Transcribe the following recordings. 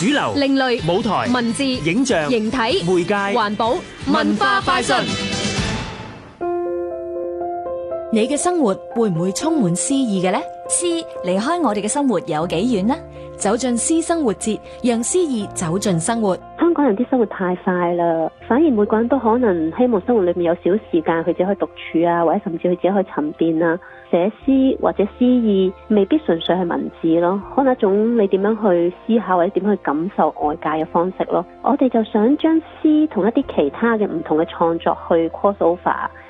主流、另類、舞台、文字、影像、形體、媒介、環保、文化快訊。你嘅生活會唔會充滿詩意嘅咧？詩離開我哋嘅生活有幾遠呢？走進詩生活節，讓詩意走進生活。可能啲生活太快啦，反而每個人都可能希望生活裏面有少時間佢自己去獨處啊，或者甚至佢自己去沉澱啊、寫詩或者詩意，未必純粹係文字咯，可能一種你點樣去思考或者點樣去感受外界嘅方式咯。我哋就想將詩同一啲其他嘅唔同嘅創作去 cos o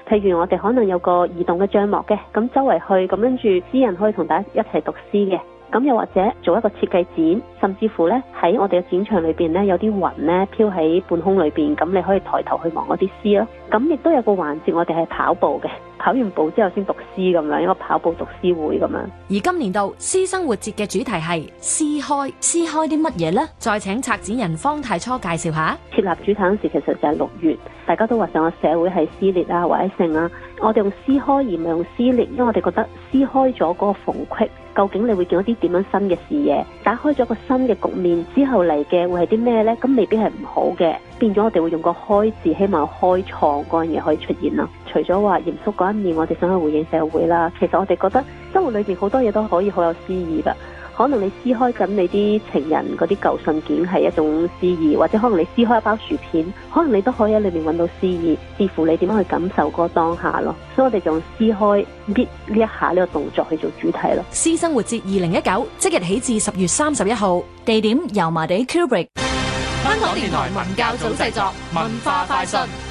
譬如我哋可能有個移動嘅帳幕嘅，咁周圍去咁，跟住詩人可以同大家一齊讀詩嘅。咁又或者做一個設計展，甚至乎咧喺我哋嘅展場裏面咧有啲雲咧飄喺半空裏面。咁你可以抬頭去望嗰啲詩咯。咁亦都有個環節，我哋係跑步嘅。跑完步之後先讀詩咁樣，一個跑步讀詩會咁樣。而今年度詩生活節嘅主題係撕開，撕開啲乜嘢呢？再請策展人方太初介紹下。設立主題嗰陣時，其實就係六月，大家都話上個社會係撕裂啦、啊，或者剩啦、啊。我哋用撕開而唔係用撕裂，因為我哋覺得撕開咗嗰個縫隙，究竟你會見到啲點樣新嘅視野，打開咗個新嘅局面之後嚟嘅會係啲咩呢？咁未必係唔好嘅，變咗我哋會用個開字，希望開創嗰樣嘢可以出現啦。除咗話嚴肅嗰一面，我哋想去回應社會啦。其實我哋覺得生活裏邊好多嘢都可以好有詩意㗎。可能你撕開緊你啲情人嗰啲舊信件，係一種詩意；或者可能你撕開一包薯片，可能你都可以喺裏面搵到詩意。視乎你點樣去感受嗰個當下咯。所以我哋仲撕開搣呢一下呢個動作去做主題咯。私生活節二零一九即日起至十月三十一號，地點油麻地 Kubrick。香港電台文教組製作文化快訊。